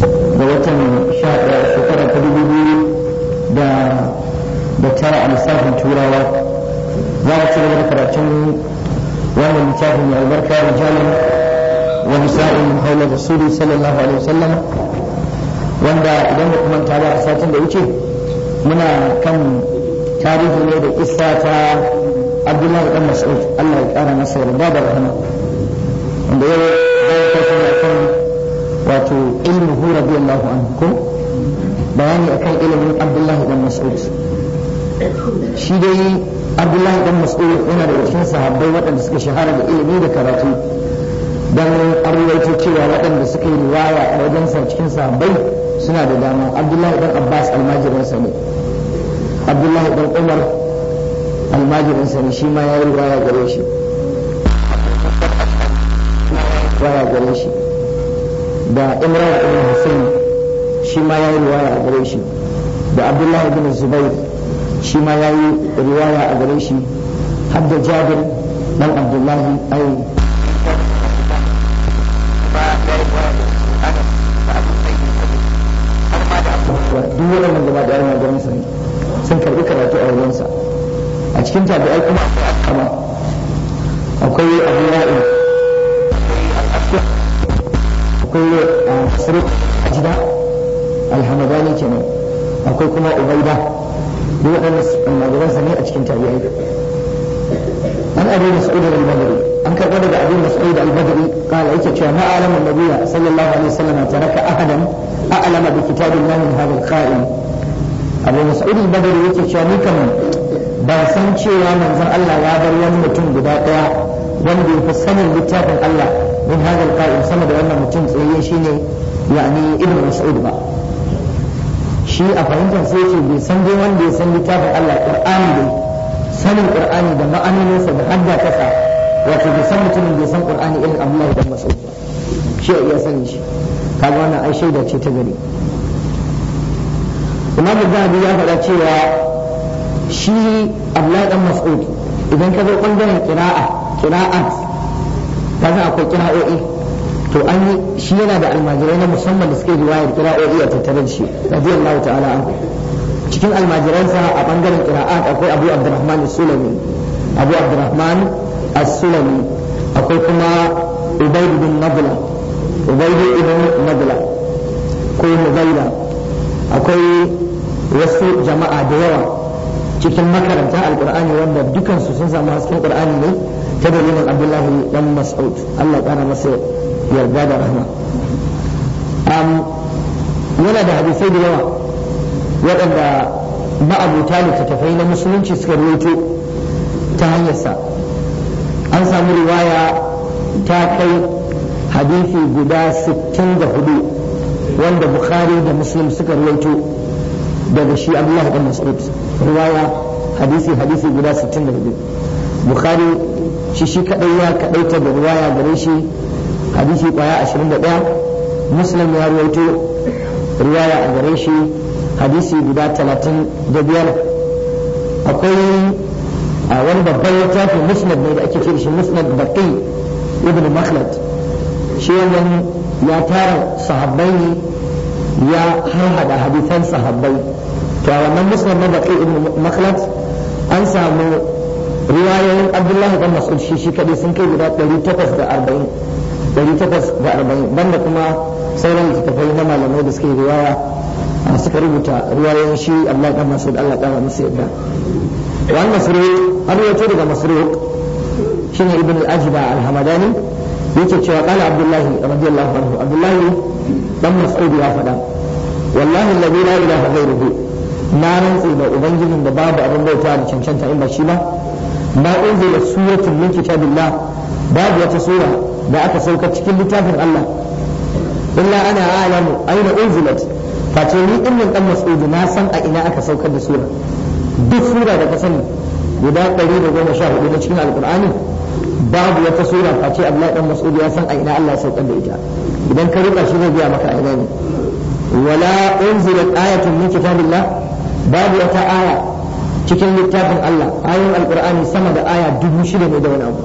ga watan shekara ta dubu biyu da tara a lissafin turawa za mu ci gaba da karatun wannan littafin mai albarka rijalan wa nisa'in haula da suri sallallahu alaihi wasallam wanda idan muka manta ba a satin da wuce muna kan tarihi ne da isa ta abdullahi dan mas'ud Allah ya kara masa yarda da rahama wanda yau wato biyan radiyallahu an ko bayani akan ilimin abdullahi dan mas'ud shi dai abdullahi dan mas'ud yana da cikin sahabbai waɗanda suka shahara da ilimi da karatu dan arwaito cewa waɗanda suka yi riwaya a wajen sa cikin sahabbai suna da dama abdullahi dan abbas almajirin ne abdullahi dan umar almajirin ne shi ma ya yi riwaya gare shi riwaya gare shi da imran ibn hussein shi ma ya yi riwaya a gare shi da abdullahi ibn zubair shi ma ya yi riwaya a gare shi har da jabir dan abdullahi ai duk wannan gaba da yana ganin sa sun karbi karatu a wurinsa a cikin tabi'ai akwai ah, suruk ajida alhamadani kenan akwai kuma ubaida duk magaban sa ne a cikin an mas'ud al-badri an karɓa daga abin mas'ud al-badri kala yake cewa ma alama nabiyya sallallahu alaihi wasallam taraka ahadan a'lama bi kitabillahi min hadha al-qa'im abu mas'ud al-badri yake cewa ni kaman ban san cewa manzon Allah ya bar wani mutum guda daya wanda ya fi sanin littafin Allah min hada sama da wannan mutum tsaye shine yani ibn mas'ud ba shi a fahimtar sai ce bai san dai wanda ya san littafin Allah Qur'ani dai sanin Qur'ani da ma'anoninsa da hadda kasa wato bai san mutumin bai san Qur'ani irin Abdullahi ibn Mas'ud ba shi ya sani shi kaga wannan ai shaida ta gari Imam Zahabi ya faɗa cewa shi Abdullahi ibn Mas'ud idan ka zo bangaren qira'a qira'at kaga akwai kira'o'i to an yi shi yana da almajirai na musamman da suke riwayar kira'o'i a tattare da shi radiyallahu ta'ala anhu cikin almajiransa a bangaren kira'at akwai abu abdurrahman sulami abu abdurrahman as-sulami akwai kuma ubayd bin nabla ubayd ibn nabla ko mubaida akwai wasu jama'a da yawa cikin makarantar alƙur'ani wanda dukansu sun samu hasken qur'ani ne ta dalilin abdullahi dan mas'ud Allah ƙara masa yarda da rahma yana da hadisai da yawa waɗanda ma'abuta littattafai na musulunci suka ruwaito ta hanyarsa an samu riwaya ta kai hadisi guda hudu wanda bukhari da muslim suka ruwaito daga shi abdullahi dan mas'ud riwaya hadisi hadisi guda 64 bukhari shi shi kadai ya kadaita da ruwaya gare shi hadisi kwaya 21 muslim ya ruwaito ruwaya a gare shi hadisi guda 35 akwai a wani babban tafi musnad ne da ake ce shi musnad baqi ibn makhlad shi wannan ya tara sahabbai ne ya harhada hadisan sahabbai to a wannan musnad na baqi ibn makhlad an samu riwayoyin abdullahi dan mas'ud shi shi kadai sun kai guda takwas takwas da arba'in da arba'in banda kuma sauran littattafai na malamai da suke riwaya suka rubuta riwayoyin shi Allah dan mas'ud Allah kara musu yadda wani masruq har yato daga masruq shine ibn al ajiba al-hamadani yake cewa qala abdullahi radiyallahu anhu abdullahi dan mas'ud ya faɗa wallahi alladhi la ilaha ghayruhu na rantsi da ubangijin da babu abin bauta da cancanta in ba shi ba ma unzila suratun min kitabillah babu wata sura da aka sauka cikin littafin Allah illa ana a'lamu aina unzilat face ni din nan mas'udu na san a ina aka saukar da sura duk sura da ka sani guda 114 na cikin alqur'ani babu wata sura face ya san a ina Allah ya saukar da ita idan ka riba shi zai biya maka ne wala babu wata aya cikin littafin Allah ayoyin alkur'ani sama da aya dubu shida ne da wani abu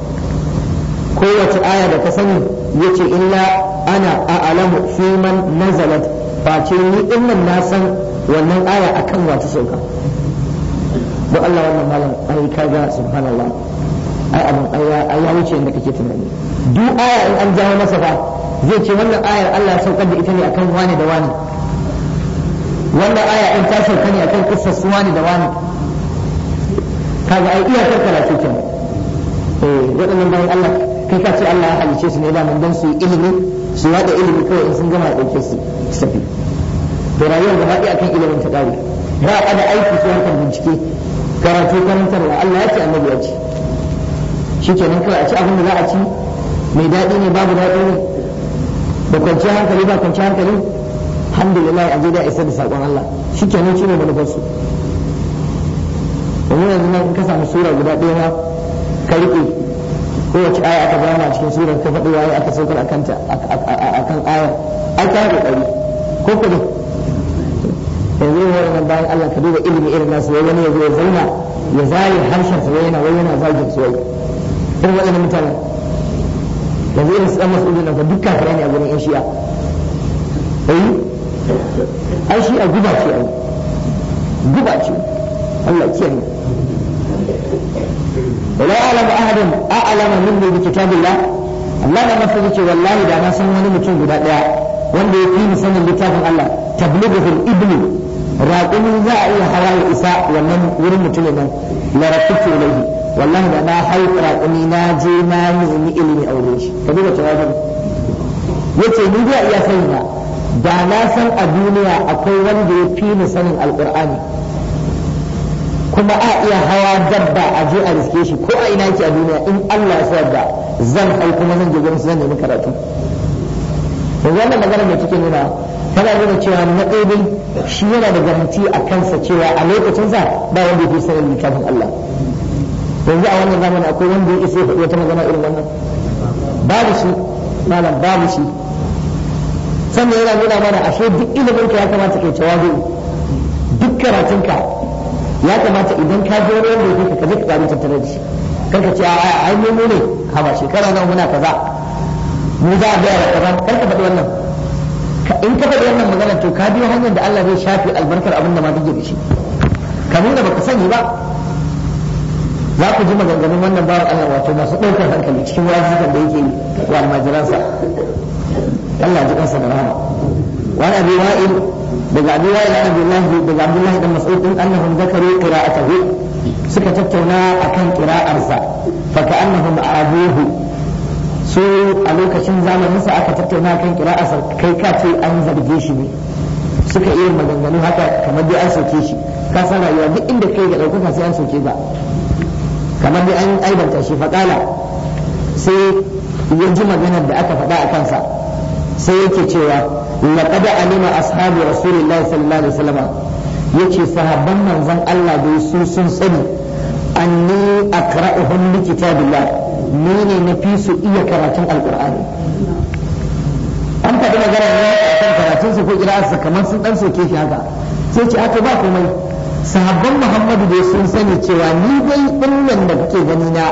kowace aya da ka sani ya ce illa ana a alamu fi man nazalat ba ce ni dinnan na san wannan aya akan wata sauka don Allah wannan malam ai kaga subhanallah ai abin ai ya wuce inda kake tunani duk aya in an jawo masa ba zai ce wannan ayar Allah ya saukar da ita ne akan wani da wani wannan aya in ta sauka ne akan kissar su wani da wani kaga ai karkara ce ce eh wadannan bayan Allah kai ka ce Allah ya halice su ne da mun dan su ilimi su yada ilimi kawai in sun gama dauke su su tafi to rayuwar gaba ɗaya akan ilimin ta ƙare ba a da aiki su harkar bincike karatu karantarwa Allah ya ce annabi ya ce shikenan kawai a ci abin da za a ci mai daɗi ne babu daɗi ne da kwanci hankali ba kwanci hankali alhamdulillah a je da isa da saƙon Allah shikenan shi ne manufarsu domin yanzu nan in ka samu sura guda ɗaya ma ka riƙe kowace aya aka bayyana cikin surar ka faɗi waye aka saukar a kanta akan aya ai ka da ƙari ko kuma ne yanzu yin wannan bayan Allah ka duba ilimi irin nasu wai wani yanzu ya zauna ya zaye harshen sa wai yana wai yana zagin su wai irin waɗannan mutanen yanzu irin su ɗan mas'ulun nan fa duk kafirai ne a gurin 'yan shi'a ai shi'a guba ce ai guba ce Allah kiyaye ولا يعلم أحد أعلم مني بكتاب الله الله ما فيك والله ده ما سن wani mutum guda daya wanda ya fi sanin littafin Allah tablighu ibnu raqin za a iya hawa ya isa wannan wurin mutumin nan la rafiqu wallahi da na hai raqini na je na nemi ilimi a wurin shi yace ni da iya sani ba. da na san a duniya akwai wanda ya fi sanin alqur'ani kuma a iya hawa dabba a je a riske shi ko a ina yake a duniya in Allah ya yarda zan hau kuma zan je gurin zan nemi karatu wannan magana da kike nuna tana gina cewa na ɗaya shi yana da garanti a kansa cewa a lokacin za ba wanda yake sanin littafin Allah yanzu a wannan zamanin akwai wanda ya isa ya faɗi wata magana irin wannan babu shi malam babu shi sannan yana nuna mana ashe duk ilimin ka ya kamata kai tawadu duk karatunka ya kamata idan ka je wani wanda yake ka je ka samu tattare da shi karka ce a ai mu ne ba shekara nan muna kaza mu za a biya da kaza karka faɗi wannan in ka faɗi wannan magana to ka biyo hanyar da Allah zai shafi albarkar abin da ma duk da shi ka nuna baka sani ba za ku ji maganganun wannan bawan Allah wato masu ɗaukar hankali cikin wajen da yake yi wa almajiransa Allah ji kansa da rahama wani abin wa'il daga Abdullahi da lahi daga lahi da Mas'ud din annahum zakaru qira'atahu suka tattauna a akan qira'arsa fa ka'annahum abuhu su a lokacin zamaninsa aka tattauna a kan arsa kai ka ce an zarge shi ne suka iya maganganu haka kamar dai an soke shi ka san rayuwa duk inda kai ga ɗaukaka sai an soke ba kamar dai an aibanta shi faƙala sai ya ji maganar da aka faɗa a kansa sai yake cewa laqad alima ashabu rasulillahi sallallahu alaihi wasallam yace sahabban manzon Allah dai su sun sani anni akra'uhum li kitabillah ni ne na fi su iya karatun alqur'ani an faɗi magana ne akan ko kira'arsa kamar sun dan soke shi haka sai ce ba komai sahabban Muhammadu dai sun sani cewa ni dai ɗin da kuke gani na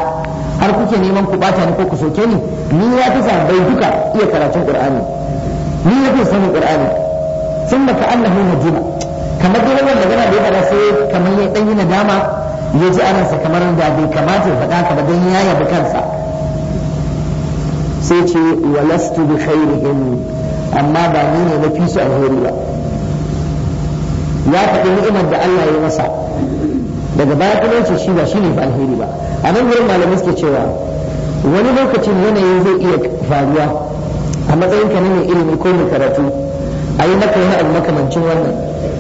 har kuke neman ku bata ni ko ku soke ni ni ya fi sahabbai duka iya karatun qur'ani ni nake sanin qur'ani sun baka annahu na kamar dai wannan magana da ya fara sai kamar ya dan yi nadama ya ji anansa kamar da bai kamata ya faɗa ka ba don ya yabi kansa sai ce walastu bi khairihim amma ba ni ne na fi su alheri ba ya faɗi ni'imar da Allah ya masa daga baya kuma yace shi ba shine fa alheri ba a nan gurin malamai suke cewa wani lokacin yanayin zai iya faruwa a matsayin ka ne ilimi ko mai karatu a yi maka yana abu makamancin wannan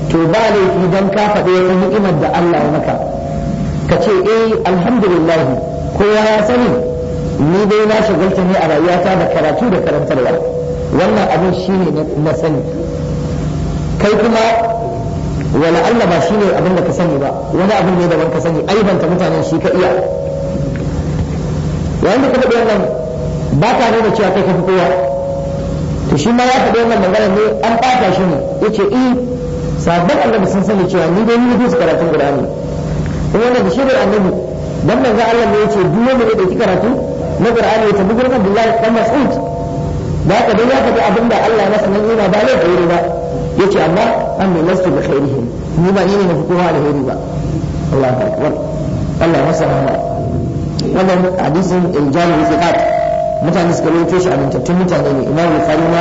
to ba laifi don ka faɗi wata ni'imar da Allah ya maka ka ce eh alhamdulillah kowa ya sani ni dai na shagalta ne a rayuwata da karatu da karantarwa wannan abin ne na sani kai kuma wala Allah ba ne abin da ka sani ba wani abin ne daban ka sani aibanta mutanen shi ka iya yayin da ka faɗi wannan ba ka nuna cewa kai ka fi kowa to shi ma ya faɗi wannan magana ne an ɓata shi ne yace eh sabon annabi sun sani cewa ni dai ni su karatun qur'ani kuma da shirin annabi dan manzo Allah ne yace duk wanda ya dauki karatu na qur'ani ya tabi gurin Abdullahi dan Mas'ud da haka dai ya faɗi abin da Allah masa nan yana ba lai gairi ba yace amma an bai lastu bi khairihim ni ba ni ne na fitowa alheri ba Allah akbar Allah masa rahama wannan hadisin iljalul zikat mutane suka rawaito shi amintattun mutane ne imam bukhari ma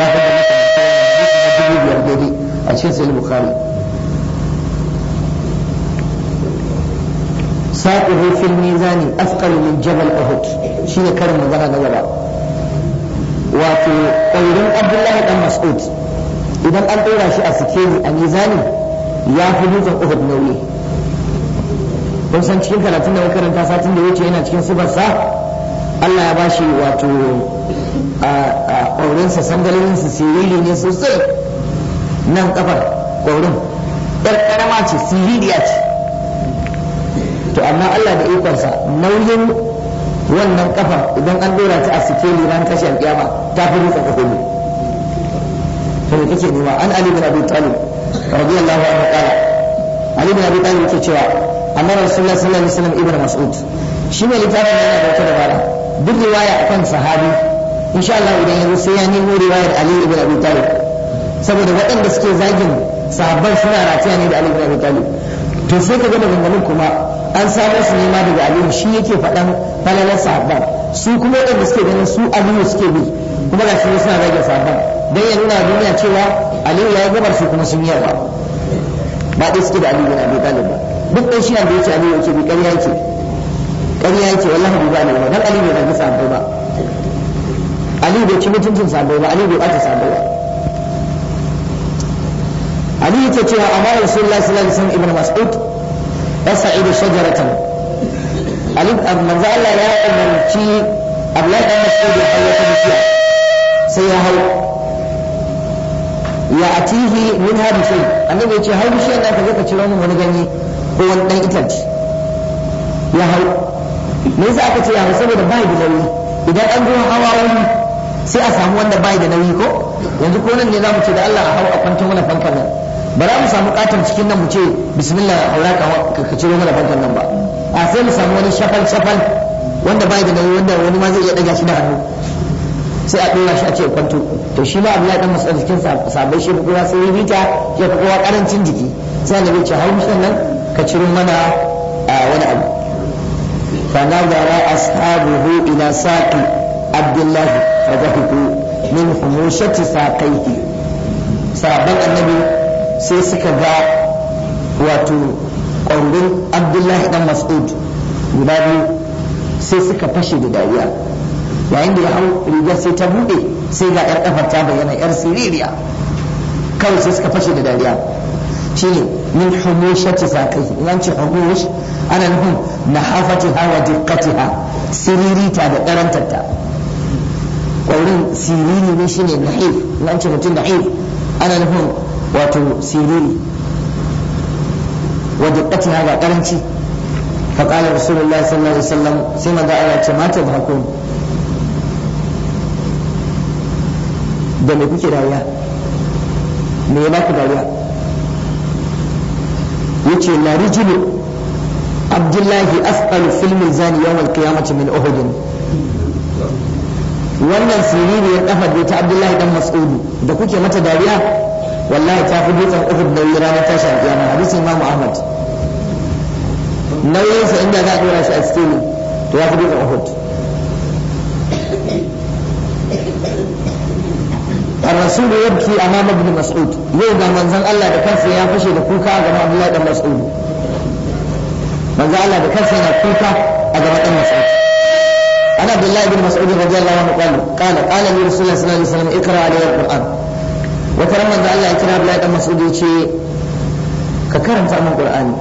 ya faɗa masa dubu biyar daidai a cikin sahih bukhari saqihu fil mizani afqal min jabal shi ne karin magana na gaba wato ƙwairin abdullahi dan mas'ud idan an ɗora shi a sikeli a mizani ya fi dutsen uhud nauyi kun san cikin karatun da makaranta satin da wuce yana cikin sa. Allah ya bashi wato a ƙaurinsa sandalinsa siriri ne sosai nan kafar ƙaurin ɗan ƙarama ce siririya ce to amma Allah da ikonsa nauyin wannan kafar idan an dora ta a sikeli ran tashi alƙiyama ta fi rufe ka kudu to kake nema an ali bin abi talib radiyallahu anhu qala ali bin abi talib yake cewa amma rasulullahi sallallahu alaihi wasallam ibnu mas'ud shi ne littafin yana dauke da bara duk riwaya a kan sahabi in sha Allah idan yanzu sai ya nemo riwayar Ali ibn Abi Talib saboda waɗanda suke zagin sahabban suna rataya ne da Ali ibn Abi Talib to sai ka ga maganganun kuma an samu su nema daga Ali shi yake faɗan falalar sahabban su kuma waɗanda suke ganin su Ali suke bi kuma ga shi suna zagin sahabban dan ya nuna duniya cewa Ali ya gabar su kuma sun yawa ba dai suke da Ali ibn Abi Talib ba duk dai shi da yake Ali yake bi ƙarya yake ƙarya yake wallahi bai gane ba dan ali bai zagi sabo ba ali bai ci mutuncin sabo ba ali bai bata sabo ba ali yake cewa amma rasulullahi sallallahu alaihi wasallam ibnu mas'ud yas'idu shajaratan ali manzo Allah ya umarci Abdullahi ibn Mas'ud ya hawo ta bishiya sai ya hau ya atihi min hadi shay annabi ya ce hau bishiyar da ka je ka ciro min wani ganye ko wani dan itace ya hau me yasa aka ce yawo saboda bai da nauyi idan an zo hawa wani sai a samu wanda bai da nauyi ko yanzu ko nan ne za mu ce da Allah a hawa a kwantar mana fankan nan ba za mu samu katon cikin nan mu ce bismillah haura ka ka ciro mana fankan nan ba a sai mu samu wani shafal shafal wanda bai da nauyi wanda wani ma zai iya daga shi da hannu sai a ɗora shi a ce kwanto to shi ma abu abdullahi dan masu jikin sa sabai shi ko kowa sai yi ta ya kowa karancin jiki sai annabi ce hau nan ka ciro mana wani abu فنظر أصحابه إلى ساق عبد الله فضحكوا من خموشة ساقيه sabon annabi sai suka ga wato ƙwambin abdullahi dan mas'ud guda biyu sai suka fashe da dariya yayin da ya hau rigar sai ta buɗe sai ga 'yar ƙafar ta bayyana 'yar siririya kawai sai suka fashe da dariya shine min humushati sakai in an ce humush ana nufin na hafatiha wa dikkatiha siririta da karantarta ƙwaurin siriri ne shine nahif nan mutum nahif ana wato siriri wa ga karanci فقال رسول الله صلى الله عليه وسلم سيما دعا ما تضحكون da me kuke dariya me ya baku dariya yace la rijulu abdullahi asqalu fil mizan yawm al qiyamati min uhud wannan ya kafa da ta abdullahi dan mas'udu da kuke mata dariya wallahi ta fi dutsen uhud da ranar tashin kiyama hadisi imamu ahmad nauyinsa inda za a dora shi a cikin to ya fi dutsen uhud الرسول يبكي أمام ابن Mas'ud, yau من زن Allah da kansa ya fashe da kuka ga Abdullahi ده Mas'udu. manzo Allah da kansa yana kuka a gaban ɗan Mas'ud ana Abdullahi bin Mas'ud radiyallahu anhu qala qala qala li Rasulullah sallallahu alaihi wasallam ikra alayhi alquran wata ran manzo Allah ya kira Abdullahi dan Mas'ud ya ce ka karanta min Qur'ani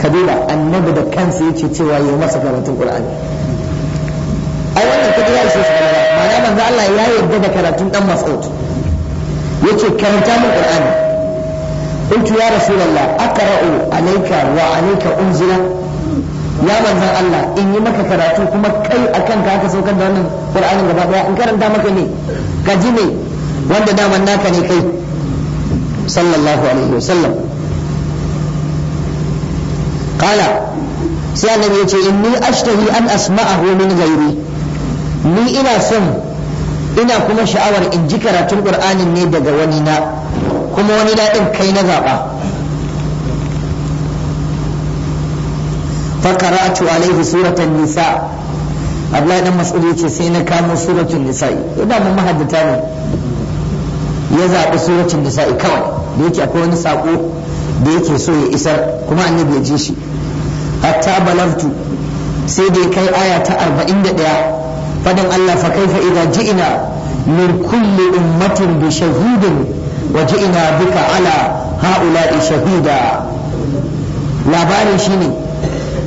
ka duba annabi da kansa yace cewa yi masa karatun Qur'ani ai wannan kadi ya ishe shi ma'ana manzo Allah ya yarda da karatun dan Mas'ud yace karanta min Qur'ani قلت يا رسول الله أقرأ عليك وعليك أنزل ya manzan Allah in yi maka karatu kuma kai a kanka aka saukar da wannan Qur'anin gaba daya in karanta maka ne ka ji ne wanda daman naka ne kai sallallahu alaihi wasallam qala sai annabi yace inni ashtahi an asma'ahu min ghairi ni ina son ina kuma sha'awar in ji karatun Qur'anin ne daga wani na kuma wani na din kai na zaba fakaratu alaihi suratan nisa Abdullahi dan Mas'ud yace sai na kamo suratul nisa'i idan eh, mun mahaddata ne ya zaɓi suratul nisa'i kawai da yake akwai wani sako da yake so ya isar kuma annabi ya ji shi hatta balagtu sai da ya kai aya ta arba'in da 41 fadin Allah fa kaifa idza ji'na min kulli ummatin da shahidin waje ina duka ala ha'ula'i shahida labarin shine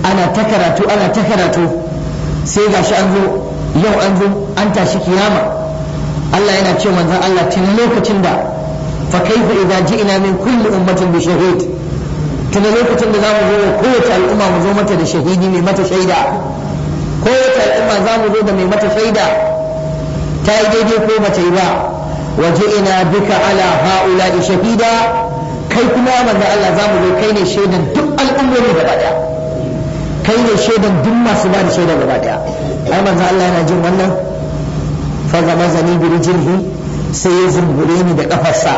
ana ta karatu ana ta karatu sai gashi an zo yau an zo an tashi kiyama Allah yana ce manzon Allah tun lokacin da fa kaifa idza ji'na min kulli ummatin bi shahid tun lokacin da zamu zo kowace al'umma mu zo mata da shahidi mai mata shaida kowace al'umma za mu zo da mai mata shaida ta yi daidai ko ba yi ba waje ina bika ala ha'ula shahida kai kuma manzo Allah za mu zo kai ne shaidan duk al'ummomi gaba daya kai ne shaidan duk masu ba da shaida gaba daya ai manzo Allah yana jin wannan fa zama zani bi rijlihi sai ya zumbure ni da kafarsa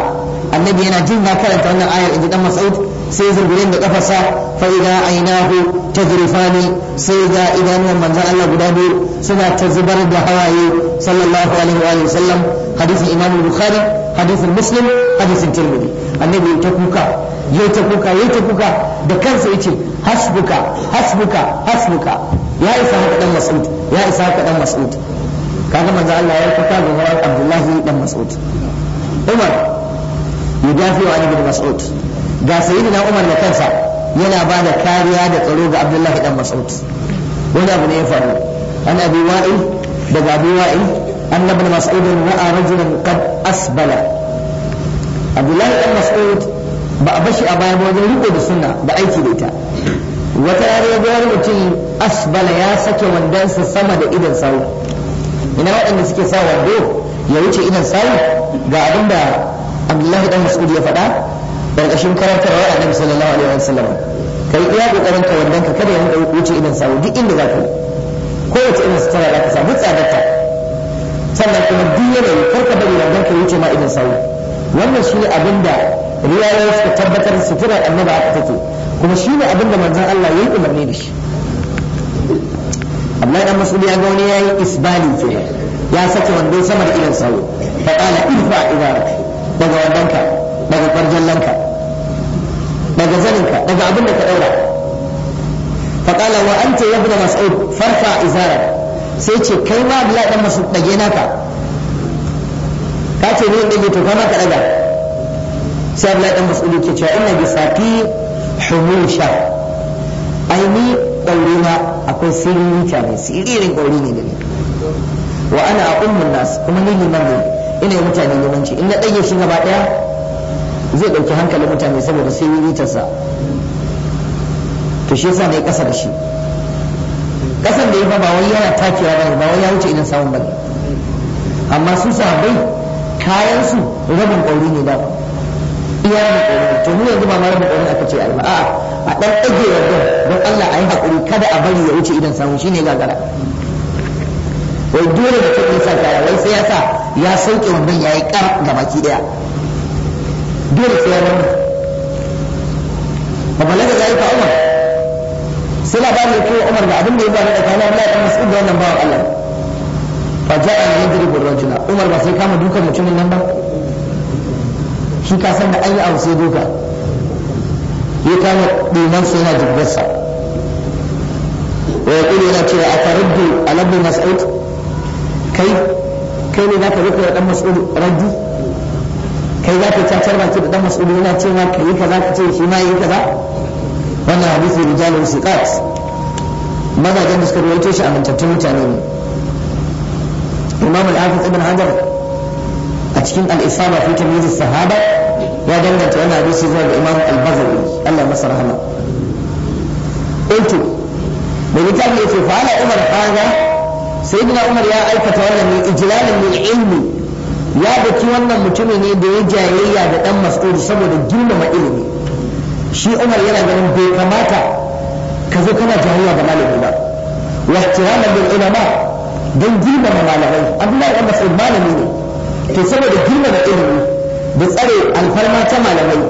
annabi yana jin na karanta wannan ayar inji dan masa'ud sai ya zumbure ni da kafarsa fa idza ainahu tajrifani sai ga idanuwan manzo Allah guda biyu suna ta zubar da hawaye sallallahu alaihi wa sallam hadisin Imam Bukhari hadisin Muslim hadisin Tirmidhi annabi ya ta kuka ya ta kuka ya ta kuka da kansa yace hasbuka hasbuka hasbuka ya isa haka dan mas'ud ya isa haka dan mas'ud kaga manzo Allah ya kuka ga wurin Abdullahi dan mas'ud Umar yudafi wa ibn mas'ud ga sayyidina Umar da kansa yana ba da kariya da tsaro ga Abdullahi dan mas'ud wani abu ne ya faru an abi wa'il daga abi wa'il an ibn mas'ud ra'a rajulan qad asbala Abdullah dan mas'ud ba a bashi a baya ba wajen riko da suna da aiki da ita wata yare gwayar mutum asbala ya sake wandonsa sama da idan sawu ina waɗanda suke sa wando ya wuce idan sawu ga abin da abdullahi dan mas'ud ya faɗa ƙarƙashin karantarwa a nabi sallallahu alaihi wasallam kai iya kokarin ka wandon ka kada ya rinka wuce idan sawu duk inda za ka yi kowace irin sutura za ka sa duk tsadarta sannan kuma duk yanayi kar ka bari wandon ka wuce ma idan sawu wannan shi ne abin da riyaya suka tabbatar sutura annaba aka take kuma shi ne abinda manzon Allah ya yi umarni da shi Abdullahi dan Mas'ud ya ga wani yi isbali ke ya sake wando sama da idan sawo fa qala irfa idarak daga wandanka daga kwarjallanka daga zaninka daga abin da ka daura fa qala wa anta ya ibn mas'ud farfa izarak sai ce kai ma Abdullahi dan masu dage naka ka ce ne dage to kama ka daga sai Allah dan Mas'ud ke cewa inna bi saqi humusha ai ni daurina akwai sirri ta ne sirrin dauri ne da ni wa ana aqummun nas kuma ni liman ne ina yi mutane limanci in na dage shi gaba daya zai dauki hankalin mutane saboda sirri ta sa to shi yasa ne kasa da shi kasan da ya ba wai yana takewa ba ba wai ya wuce idan samun bane amma su sabai kayan su rabin kauri ne da iya makonin to mu yanzu ba ma makonin aka ce ai a a dan ɗage yarda don Allah a yi haƙuri kada a bari ya wuce idan samu shine gagara wai dole da ke sa kaya wai sai ya sa ya sauke wannan ya yi ƙar ga baki ɗaya dole sai ya rauni ba balaga ya yi fa Umar sai labarin ya kowa Umar da abin da ya zama da kana Allah ya masu da wannan bawan Allah fa ja'a yadribu rajula Umar ba sai kama dukan mutumin nan ba shi ka san da an yi abu sai duka ya kama ɗinan sai yana jirgarsa wa ya ƙuli yana cewa a tarabdu masu mas'ud kai kai ne za ka rufe da ɗan mas'ud raddi kai za ka cacar baki da ɗan mas'ud yana cewa ka yi kaza ka ce shi ma yi kaza wannan hadisi rijalun ƙat mazajen da suka rawaito shi amintattun mutane ne imam al-hafiz ibn hajar a cikin al fi tamyiz sahaba ya danganta wannan hadisi zuwa ga Imam al-Bazawi Allah masa rahama qultu bai littafi yace fa ala Umar haga sayyidina Umar ya aikata wannan mai ijlalan mai ilmi ya daki wannan mutumin ne da ya jayayya da dan Mas'ud saboda girmama ilimi shi Umar yana ganin bai kamata ka zo kana jayayya da malami ba wa ihtimalan lil ulama dan girmama malamai Abdullahi ibn Mas'ud malami ne to saboda girmama ilimi da tsare alfarma ta malamai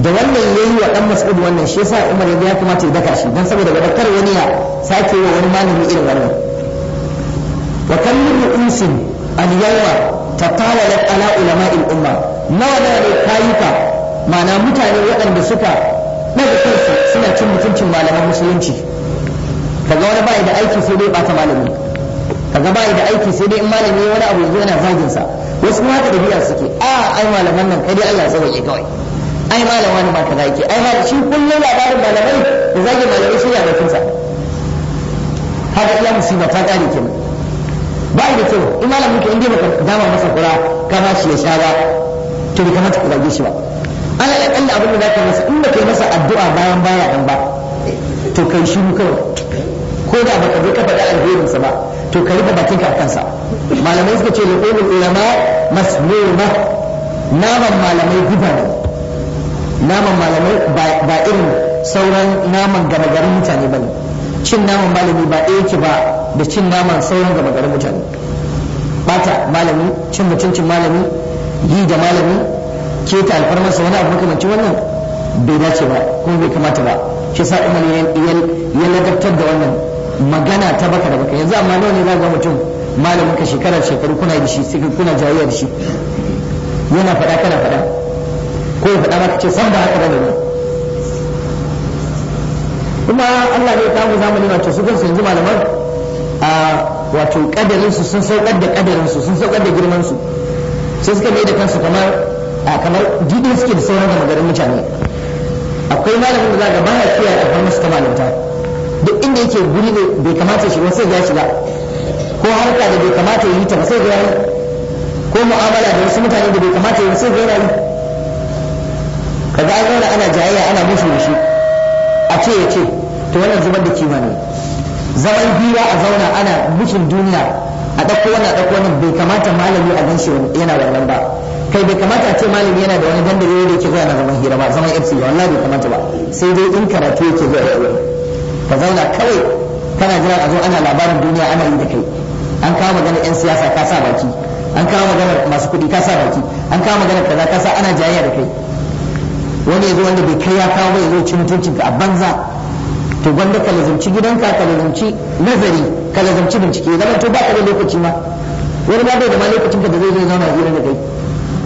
da wannan ya yi wa ɗan mas'ud wannan shi yasa umar ya kamata ya daka shi don saboda gaba kar wani ya sake wa wani malami irin wannan wa kan min usin al-yawma tatalalat ala ulama'il umma nawa nawa ne kayuka ma'ana mutane waɗanda suka daga kansu suna cin mutuncin malaman musulunci kaga wani bai da aiki sai dai bata malami kaga bai da aiki sai dai in malami wani abu yanzu yana zagin sa wasu kuma haka dabi'a suke a ai malaman nan kai dai Allah ya sauke kawai ai malama wani ba kaza yake ai malam shi kullum labarin malamai da zagin malamai shi ya bakin sa haka iya musiba ta kare kenan bai da kyau in malamin ka inda baka dama masa kura ka ba shi ya sha ba to bai kamata ka zage shi ba ana ya kalla abin da za zaka masa in baka yi masa addu'a bayan baya dan ba to kai shiru kawai ko da baka zo ka faɗi alherinsa ba to ka rufe bakinka a kansa malamai suka ce lu'ulul ulama ba? naman malamai guba ne naman malamai ba irin sauran naman gama garin mutane ba ne cin naman malami ba ɗaya ki ba da cin naman sauran gama garin mutane bata malami cin mutuncin malami yi da malami ke ta alfarmarsa wani abu makamancin wannan bai dace ba kuma bai kamata ba shi sa umar ya ladabtar da wannan magana ta baka da baka yanzu amma nawa ne za mutum malamin ka shekara shekaru kuna da shi sai kuna jayayya da shi yana faɗa kana faɗa ko ya faɗa maka ce san ba haka bane ne kuma Allah ne ya kawo zamani wato su kansu yanzu malaman a wato kadarin su sun saukar da kadarin su sun saukar da girman su sai suka mai da kansu kamar a kamar gidi suke da sauran da magarin mutane akwai malamin da za ga baya kiyaye a farmasa ta malamta duk inda yake guri bai kamata shi wasu ya shiga ko harka da bai kamata ya yi ta sai ya yi ko mu'amala da wasu mutane da bai kamata ya sai ga yi kaza an zauna ana jayayya ana mushi da shi a ce ya ce to wannan zubar da kima ne zaman biya a zauna ana mushin duniya a ɗauko wannan a ɗauko wannan bai kamata malami a ganshi yana wannan ba kai bai kamata a ce malami yana da wani dandare da yake zuwa na zaman hira ba zaman fc wallahi bai kamata ba sai dai in karatu yake zuwa ya ka zauna kawai kana jira a zo ana labarin duniya ana yi da kai an kawo magana yan siyasa ka sa baki an kawo magana masu kuɗi ka sa baki an kawo magana kaza ka sa ana jayayya da kai wani ya zo wanda bai kai ya kawo bai zo cin mutuncin ka a banza to gwanda ka lazumci gidanka ka lazumci nazari ka lazumci bincike zaman to ba ka da lokaci ma wani ba bai da ma lokacin ka da zai zo zauna hira da kai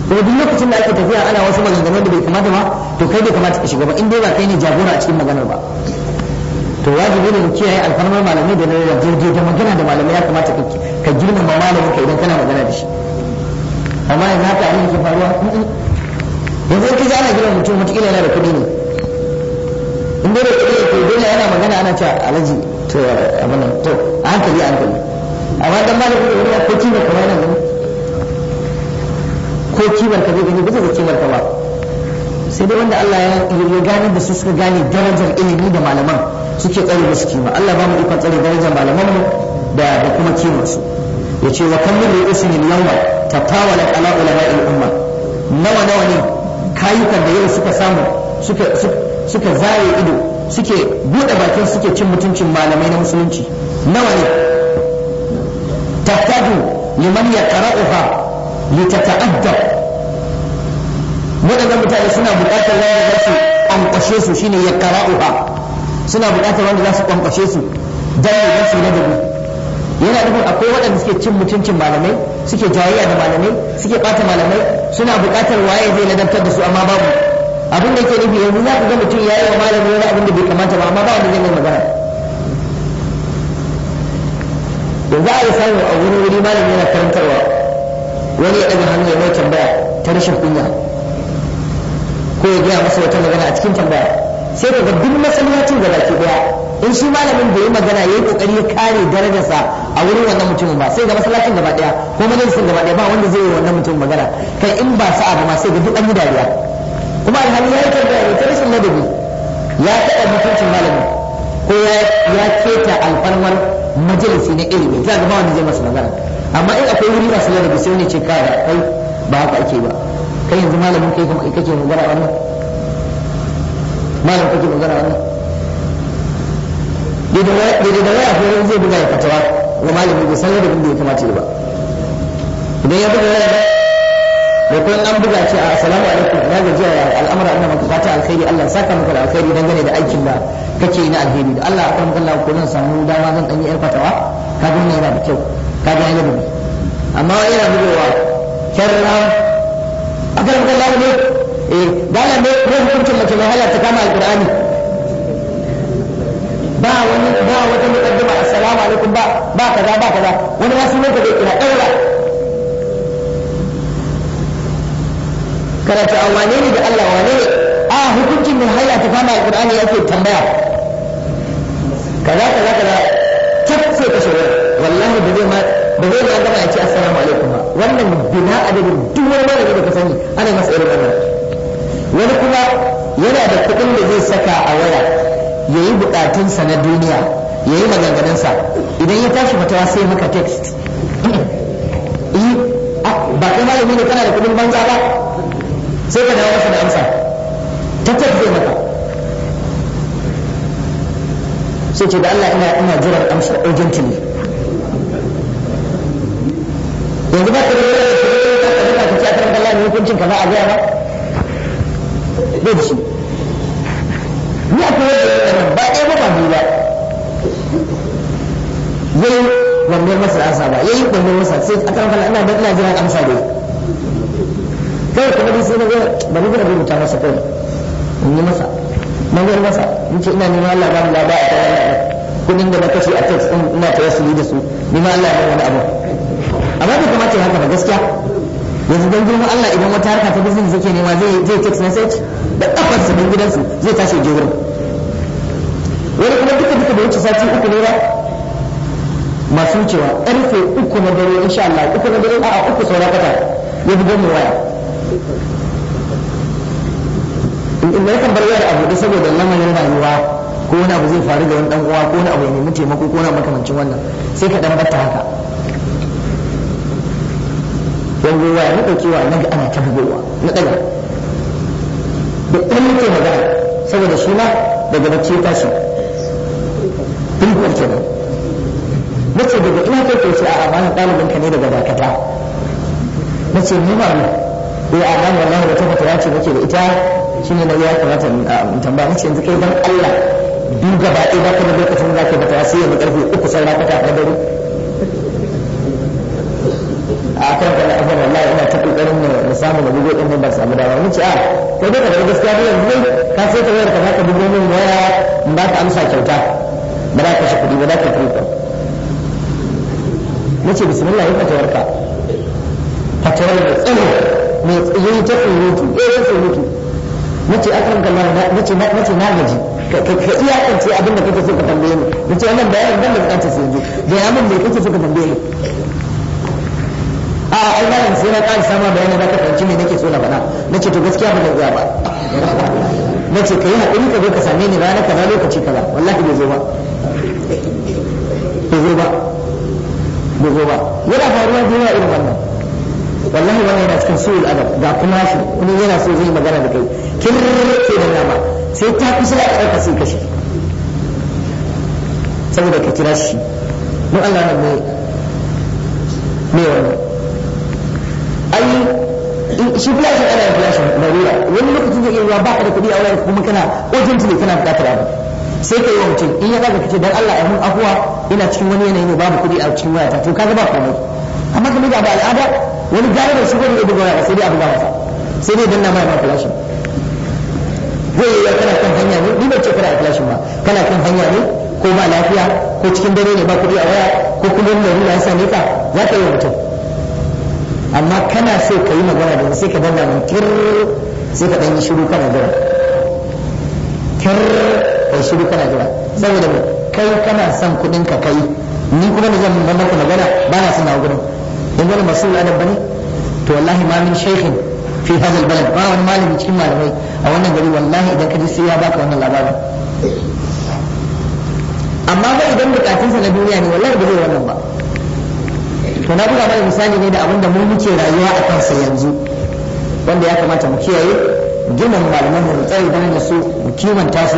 kuma duk lokacin da ake tafiya ana wasu maganganun da bai kamata ba to kai bai kamata ka shiga ba in dai ba kai ne jagora a cikin maganar ba to wajibi ne mu kiyaye alfarmar malamai da na daidai da magana da malamai ya kamata ka girmama malamin ka idan kana magana da shi amma yanzu haka abin ke faruwa yanzu in ka ji ana girma mutum wataƙila yana da kuɗi ne in dai da kuɗi ne dole yana magana ana cewa alaji to abin nan to a hankali a hankali amma dan ba da kuɗi wani ko kimar ka yana gani ko kimar ka zai gani bisa ga kimar ka ba sai dai wanda Allah ya gani da su suka gane darajar ilimi da malaman suke tsare musu kima Allah ba mu ikon tsare darajar malaman mu da da kuma kimar su yace wa kam min yawma tatawala ala al umma nawa nawa ne kayukan da yau suka samu suka suka zaye ido suke bude bakin suke cin mutuncin malamai na musulunci nawa ne tahtaju liman yaqra'uha litata'addab waɗannan mutane suna buƙatar rayuwar su an kwashe su shine yaqra'uha suna buƙatar wanda za su kwamfashe su dan ne su na dabi yana nufin akwai waɗanda suke cin mutuncin malamai suke jayayya da malamai suke ɓata malamai suna buƙatar waye zai ladabtar da su amma babu abin da yake nufi yanzu za ku ga mutum ya yi wa malami wani abin da bai kamata ba amma ba wanda zai mai magana yanzu a yi samu a wuri wuri malami yana karantarwa wani ya ɗaga hannu ya mai tambaya ta rashin kunya ko ya gaya masa wata magana a cikin tambaya sai ka ga duk masallacin da baki daya in shi malamin da yi magana yayi kokari ya kare darajarsa a wurin wannan mutumin ba sai ga masallacin gaba daya ko majalisin gaba daya ba wanda zai yi wannan mutumin magana kai in ba sa'a ba ma sai ga duk an yi dariya kuma alhali ya yi tambaya ta rashin ladabi ya taɓa mutuncin malamin ko ya keta alfarmar majalisi na ilimi za ga ba wanda zai masa magana amma in akwai wuri masu ladabi sai wani ce kai ba haka ake ba kai yanzu malamin kai kuma kake magana wannan malam kake magana wannan daidai da waya ko zai buga ya fatawa ga malami bai san yadda da ya kamata ba idan ya buga waya da kun an buga ce a assalamu alaikum na gajiya ya al'amura ina maka fata alkhairi Allah saka maka alkhairi dangane da aikin da kake yi na alheri da Allah akan Allah ko nan samu dama zan dan yi yar fatawa ka wannan yana da kyau ka kaga yana da amma yana bugowa kyarra akan Allah ne eh dala me ko hukuncin mace mai ta kama alqur'ani ba wani ba wata mukaddima assalamu alaikum ba ba kaza ba kaza wani wasu ne ka zai kira daura karatu a ah, wane ne da Allah wane ne a ah, hukuncin mai ta kama alqur'ani yake tambaya kaza kaza kaza tafsir ka shawara wallahi ba zai ma ba zai ma gama ya ce assalamu alaikum ba wannan bina adadin duk wani malami da ka sani ana masa irin wannan wani kuma yana da kuɗin da zai saka a waya ya yi buƙatunsa na duniya ya yi maganganunsa idan ya tashi fatawa sai maka text ba kai ma yi kana da kuɗin banza ba sai ka dawo masa da amsa ta zai maka sai ce da Allah ina ina jiran amsar ne yanzu ba ka da wani da ka ka a ka Allah ka hukuncin ka ba a gaya ba bai da shi kuma da ba ba yayi asa ba yayi sai a kan fara ina da ina jira amsa kai kuma sai na ga ba ni da rubuta masa kai in yi masa na masa in ce ina neman Allah ba mu a kan kudin da na kashe a tax din ina tawassuli da su ni Allah ya wani abu amma bai kamata haka ba gaskiya yanzu don girman Allah idan wata harka ta business yake nema zai zai text message da kafarsa don gidansu zai tashi je wurin wani kuma duka duka da wuce sati uku ne ba masu wucewa karfe uku na dare insha Allah uku na dare a'a uku saura kata ya bugo mu waya in da yakan bar wayar abu da saboda lamarin rayuwa ko wani abu zai faru da wani dan uwa ko wani abu ya nemi taimako ko wani makamancin wannan sai ka dan batta haka yanzu wa na ɗauki wa na ga ana ta bugowa na ɗaga da ɗan nake magana saboda shi ma daga bacci ya shi bilkuwar kenan na mace daga ina kai kai ce a amanin ɗalibin ka ne daga dakata mace ce ni ma ne eh, ya amanin wallahi wata fatawa ce nake da ita shi ne na ya kamata in ah, tambaya mace ce yanzu kai dan Allah duk gaba ɗaya ba ka da lokacin da za ka yi fatawa sai yanzu ƙarfe uku saura ka kafa dare a kan kana afan wallahi ina ta kokarin ne na samu na bugo din ba samu dama mun ce a ah, kai da kamar gaskiya ne yanzu ka sai ta wayar ka zaka bugo min waya in ba ka amsa kyauta ba za ka shi kudi ba za ka tuka na ce bismillah ta warka ka fatawar da tsaro ne tsaye ta tsorotu eh ya tsorotu na ce akan kallar na ce na gaji ka iyakance abin da kake so ka tambaye ni na wannan bayanin ban da bukatar sai yanzu da yamin me kake so ka tambaye ni a ai malam sai na ƙara sama bayani na ka fahimci me nake so na bana. Na ce to gaskiya ba zan ba ka yi hakuri ka zo ka same ni ranar kaza lokaci kaza wallahi bai zo ba bai zo ba bai zo ba yana faruwa da yawa irin wannan wallahi wannan yana cikin su'ul adab ga kuma shi kuma yana so zai magana da kai kin rike da nama sai ta kusa da ɗauka sai kashe saboda ka kira shi mu Allah ne mai wani shi flashin ana flashin darura wani lokacin zai iya ruwa ba ka da kuɗi a wayar kuma kana urgently kana buƙatar abu sai ka yi wa mutum in ya zaga kace dan Allah ya mun afuwa ina cikin wani yanayi ne babu kuɗi a cikin wayata to kaga ba komai amma kamar da al'ada wani da shi gwada ya buga a sai dai abu ba masa sai dai danna mai ma flashin zai yi kana kan hanya ne ni ban ce kana flashin ba kana kan hanya ne ko ba lafiya ko cikin dare ne ba kuɗi a waya ko kuma wani larura ya same ka za ka yi wa mutum amma kana so ka yi magana da sai ka danna mun tir sai ka danyi shiru kana jira tir ka shiru kana jira saboda kai kana son kuɗin ka kai ni kuma da zan ban maka magana ba na son na in wani masul adab bane to wallahi ma min shaykhin fi hazal balad ba wani malami cikin malamai a wannan gari wallahi idan ka ji sai ya baka wannan labarin amma ba idan bukatunsa na duniya ne wallahi ba zai wannan ba to na buga mai misali ne da abin da mun wuce rayuwa a kansa yanzu wanda ya kamata mu kiyaye ginin malaman mu tsaye da su mu kimanta su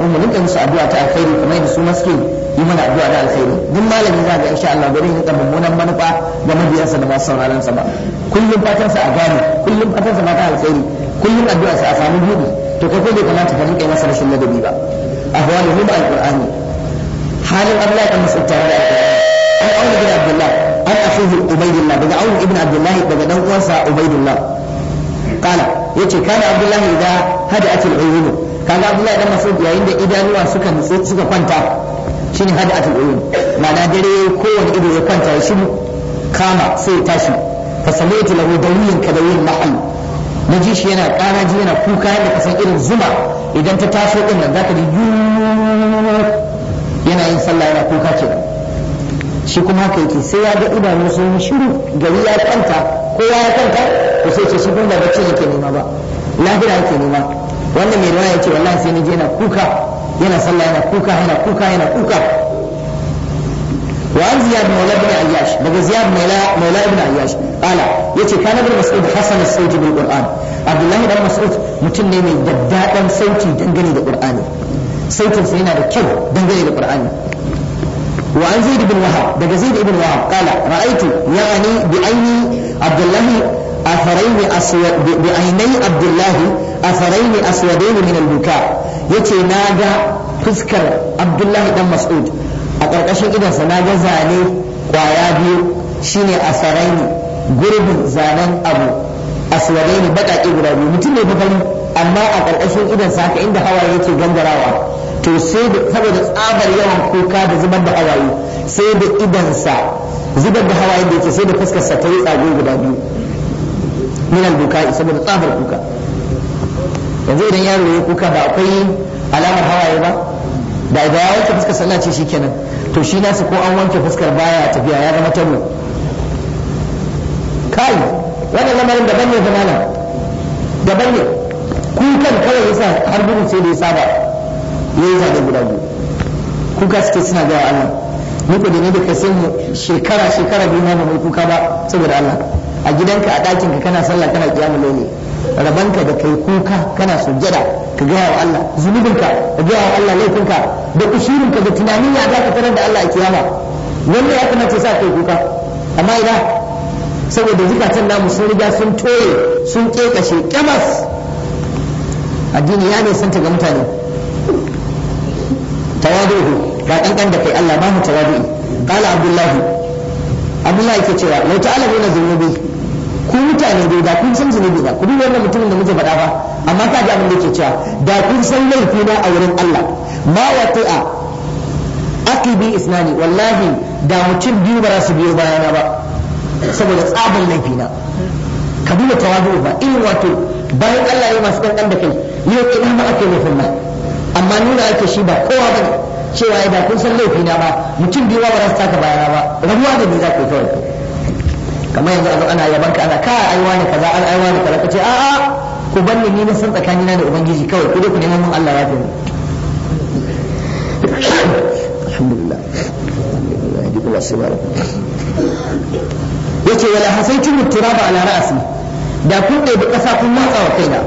mu rinka musu addu'a ta alkhairi kamar yadda su ma suke yi mana addu'a da alkhairi duk malami za ga insha Allah gari ne da mummunan manufa ga mabiyansa da masu sauraron sa ba kullum fatan sa a gane kullum fatan sa ta alkhairi kullum addu'a sa a samu gudu to ko bai kamata ka rinka masa rashin ladabi ba ahwaluhu ba alqur'ani halin Allah kan musu tare da alqur'ani an auna Abdullah an akhihi UbaidulLah daga awun ibn abdullah daga dan uwansa ubaydullah qala yace kana abdullah idza hada'at al kaga abdullah dan masud yayin da idanuwa suka nutsu suka kwanta shine hada'at al-uyun ma'ana dare kowane ido ya kwanta ya shiru kama sai tashi fa samaitu lahu dawiyan kadawiyin mahal na ji shi yana ƙara ji yana kuka yadda ka san irin zuma idan ta taso din nan zaka ji yana yin sallah yana kuka kenan shi kuma haka yake sai ya ga idanun sun shiru gari ya kwanta kowa ya kwanta to sai ce shi kun da bacci yake nema ba lafiya yake nema wannan mai ruwa ya ce wallahi sai naje yana kuka yana sallah yana kuka yana kuka yana kuka وعن زياد مولى ayyash daga بقى زياد مولى مولى ayyash عياش yace kana bin mas'ud hasan as الصوت bil qur'an abdullahi بن mas'ud mutum ne mai daddadan sauti dangane da qur'ani sautin sa yana da kyau dangane da qur'ani وعن زيد بن وهب دقى زيد بن وهب قال رأيت يعني بعيني عبد الله أثرين أسود بعيني عبد الله أثرين أسودين من البكاء يتي ناجا فذكر عبد الله بن مسعود أقرقشن إذا سناجا زاني ويابي شيني أثرين قرب زانان أبو أسودين بقى إبراهيم متى يبقى amma a ƙarƙashin idan saka inda hawaye yake gangarawa to sai da saboda tsabar yawan kuka da zubar da hawaye sai da idansa zubar da hawaye da yake sai da fuskarsa ta yi tsago guda biyu min al saboda tsabar kuka yanzu idan yaro ya kuka ba akwai alamar hawaye ba da da ya wanke fuskar sallah ce shikenan to shi nasu ko an wanke fuskar baya tafiya ya zama tabo kai wannan lamarin daban ne fa daban ne kukan kawai yasa har gudu sai da ya saba ya yi zaɓe guda biyu kuka suke suna gaya Allah mu ku ne da ka shekara shekara biyu ma mai kuka ba saboda Allah a gidanka a ɗakinka kana sallah kana kiyamu laili rabanka da kai kuka kana sujjada ka gaya wa Allah zunubinka ka gaya wa Allah laifinka da ka da tunanin ya za ka tarar da Allah a kiyama wannan ya kamata sa kai kuka amma ina saboda zukatan namu sun riga sun toye sun kekashe kyamas addini ya ne santa ga mutane tawadu'u ga kankan da kai Allah ba mu tawadu'i qala abdullahi abdullahi yake cewa law ta'lamuna dhunubi ku mutane dai da kun san zunubi ba ku duba wannan mutumin da muke faɗa ba amma ka ji abin da yake cewa da kun san laifi na a wurin Allah ma wati'a aqibi isnani wallahi da mutum biyu ba za su biyo bayana ba saboda tsaban laifi na ka duba tawadu ba irin wato bayan Allah ya masu kankan da kai yau ina ma ake laifin ba amma nuna ake shi ba kowa bane cewa ya da kun san laifi na ba mutum biyu ba rasta ka bayana ba rabuwa da ni za ku kawai kamar yanzu azu ana yaban ka ana ka aiwa ne kaza an aiwa ne kaza kace a a ku banni ni na san tsakani na da ubangiji kawai ku dai ku neman mun Allah ya fi alhamdulillah alhamdulillah subhanahu yace wala hasaitu turaba ala ra'si da kun ɗebi ƙasa kun matsa wa kaina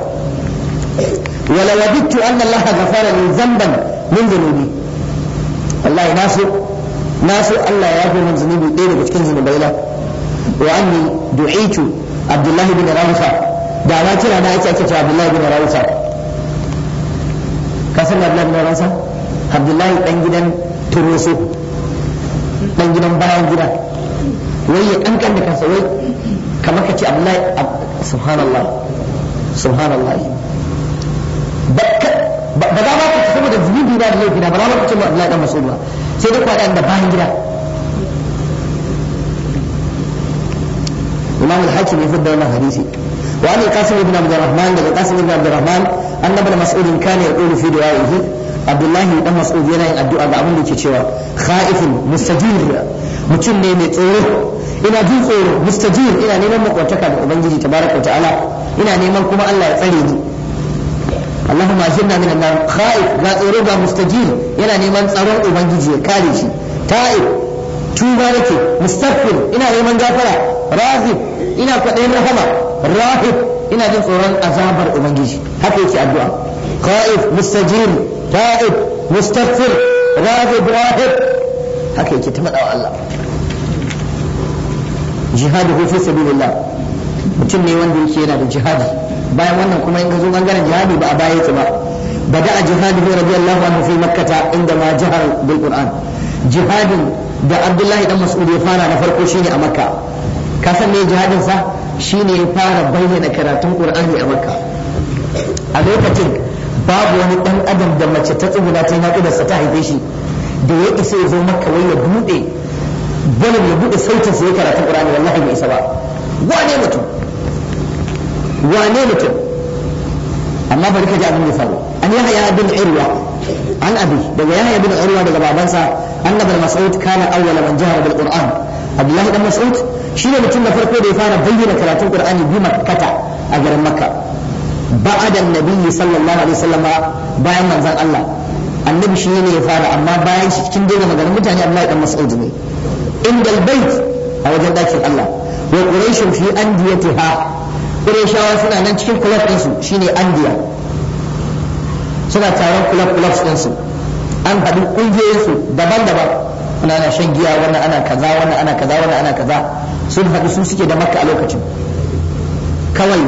wala wajidtu anna allaha ghafara li zamban min dhunubi wallahi na so Allah ya yafe min zunubi ɗaya daga cikin zunubai na wa anni du'itu abdullahi bin rawfa da na kira na ake ake cewa abdullahi bin rawfa ka san abdullahi bin rawfa abdullahi dan gidan turusu dan gidan bayan gida wai ya kankan da kansa wai kamar ka ce abdullahi subhanallah subhanallah ba za ma ku saboda zunubi na da laifi na ba za ma ku ce ma Abdullahi dan sai duk waɗanda da bayan gida Imam al-Hakim ya fadda wannan hadisi wa an Qasim ibn Abd al-Rahman daga Qasim ibn Abd al-Rahman annabi Mas'ud kana yaqulu fi du'a'ihi Abdullahi dan Mas'ud yana yin addu'a ga abin da yake cewa khaifun mustajir mutum ne mai tsoro ina jin tsoro mustajir ina neman makwataka da ubangiji tabaraka ta'ala ina neman kuma Allah ya tsare ni اللهم اجرنا من النار خائف لا تروبا مستجيب Yana نيمان تصارون ubangiji ya kare shi ta'ib tuba nake mustaghfir ina neman gafara razib ina kwaɗayin rahama rahib ina jin tsoron azabar ubangiji haka yake addu'a خائف مستجيب haka yake ta madawa Allah jihadu fi sabilillah mutum ne wanda yake yana da jihadi bayan wannan kuma in ka zo bangaren jihadi ba a baya ki ba bada a jihadi rabi Allahu anhu fi makkata inda ma jihar bil qur'an jihadin da abdullahi dan mas'ud ya fara na farko shine a makka ka san me jihadin sa shine ya fara bayyana karatun qur'ani a makka a lokacin babu wani dan adam da mace ta tsuguna ta naƙuda sa ta haife shi da ya isa ya zo makka wai ya bude bolin ya bude sautin sa ya karatu qur'ani wallahi bai isa ba wane mutum wane mutum amma bari ka ji abin da faru an yi haya bin irwa an abi daga yahya bin Irwa daga babansa annabi mas'ud kana awwala man jahara bil qur'an abdullahi dan mas'ud shine mutum na farko da ya fara bayyana karatun qur'ani bi makkata a garin makka ba'ada annabi sallallahu alaihi wasallama bayan manzon Allah annabi shi ne ya fara amma bayan shi cikin dole maganar mutane abdullahi dan mas'ud ne indal bait a wajen dakin Allah wa quraish fi andiyatiha Kureshawa suna nan cikin kulab ɗinsu shine Andiya suna taron kulaf kulab ɗinsu an haɗu ƙungiyoyinsu daban-daban wannan ana shan giya wannan ana kaza wannan ana kaza wannan ana kaza sun haɗu su suke da makka a lokacin kawai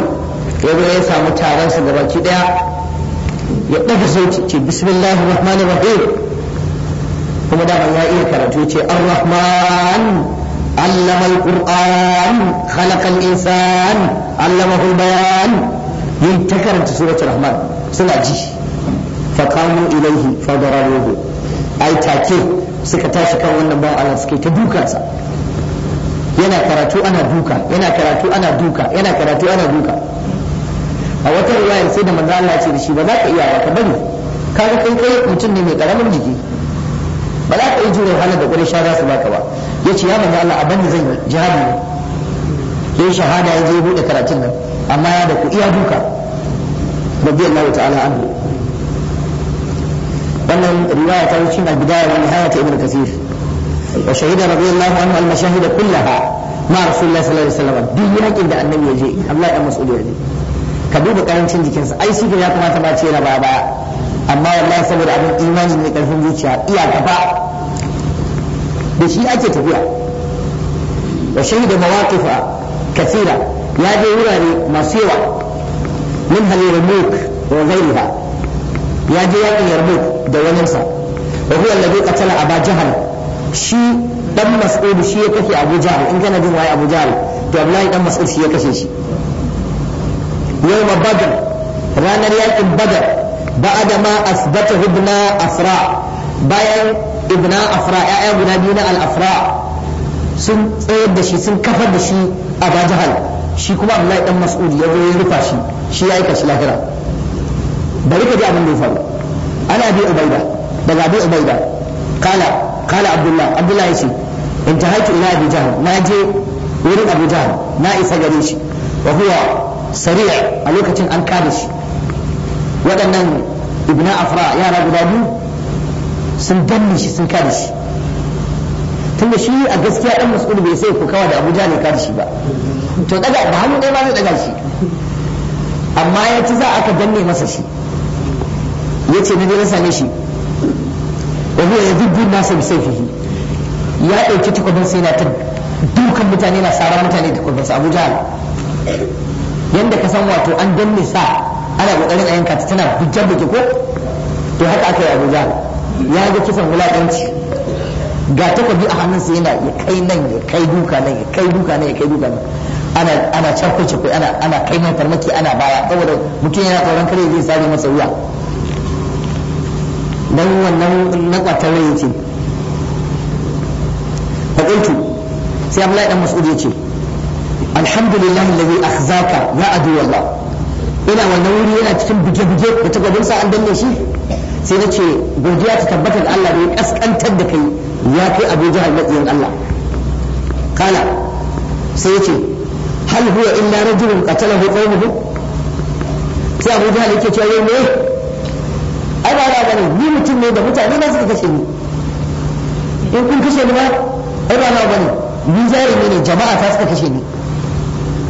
ya zo ya samu taron su gabaki ɗaya ya ɗaga sauti ce bismillahi rahmanir rahim kuma dama ya iya karatu ce ar-rahman علم القرآن خلق الإنسان علمه البيان ينتكر سورة الرحمن سنعجي فقاموا إليه فضربوه أي تاكي سكتاشي كان wannan ba Allah suke ta dukansa yana karatu ana duka yana karatu ana duka yana karatu ana duka a wata riwaya sai da manzo Allah ya ce da shi ba za ka iya ba ka bari ka ga kai kai mutum ne mai karamin jiki ba za ka yi jure wahalar da ƙuraysha za su baka ba ya ce ya manzo Allah abin da zan yi jihadi ne yin shahada ya je ya buɗe karatun nan amma ya da ku iya duka Allah ta'ala anhu wannan riwaya ta wuce na bidaya wani haya ta ibnu kasir wa shahida radiyallahu anhu al-mashahid kullaha ma rasulullahi sallallahu alaihi wasallam duk yakin da annabi ya je Allah ya mas'uliya ne ka duba karancin jikinsa ai shi ya kamata ba ce na baya baya amma wallahi saboda abin imani mai karfin zuciya iya gaba da shi ake tafiya wa shahida mawaqifa kathira ya je wurare masu yawa min hal yarmuk wa ghayriha ya je yakin yarmuk da waninsa wa huwa alladhi qatala aba jahal shi dan mas'ud shi ya kashe abu jahal in kana jin waye abu jahal to wallahi dan mas'ud shi ya kashe shi yawma badr ranar yakin badar بعد ما أثبته ابن أفراء bayan ibn afra ya'ya guda biyu na al sun tsayar da shi sun kafar da shi a jihar shi kuma abdullahi dan mas'ud ya zo ya rufa shi shi ya aika shi lahira bari ka ji abin da ya faru ana bi ubaida daga bi ubaida kala kala abdullah abdullah yace haiku ila abu jihar na je wurin abu jihar na isa gare shi wa huwa sari' a lokacin an kada shi waɗannan ibna afra yara guda biyu sun danne shi sun kare shi tun da shi a gaskiya ɗan mas'ul bai sai kokawa da abuja ne kare shi ba to daga da hannu ɗaya ba zai daga shi amma ya ci za aka danne masa shi ya ce na je na same shi wa huwa yadubbu nasa bi sayfihi ya ɗauki takobin sai na ta dukan mutane na sara mutane da sa abuja yanda ka san wato an danne sa ana kokarin a ta tana hujjar da ko to haka aka yi abuja ya ga kisan wulaƙanci ga takobi a hannunsa yana ya kai nan ya kai duka nan ya kai duka nan ya kai duka nan ana ana cakwace kai ana ana kai mai farmaki ana baya saboda mutum yana tsoron kare zai sare masa wuya dan wannan na kwatar rai yace faqultu sai abu Abdullahi dan Mas'ud yace alhamdulillahi alladhi akhzaka ya adu wallah ina wannan wuri yana cikin buge-buge da ta gabinsa sa an danne shi sai na ce godiya ta tabbatar da Allah ya kaskantar da kai ya kai Abu Jahal matsayin Allah kala sai ya ce hal huwa illa rajulun qatalahu qawmuhu sai Abu Jahal yake cewa yau ne ai ba ba ne ni mutum ne da mutane na suka kashe ni in kun kashe ni ba ai ba ba ne ni jarumi ne jama'a ta suka kashe ni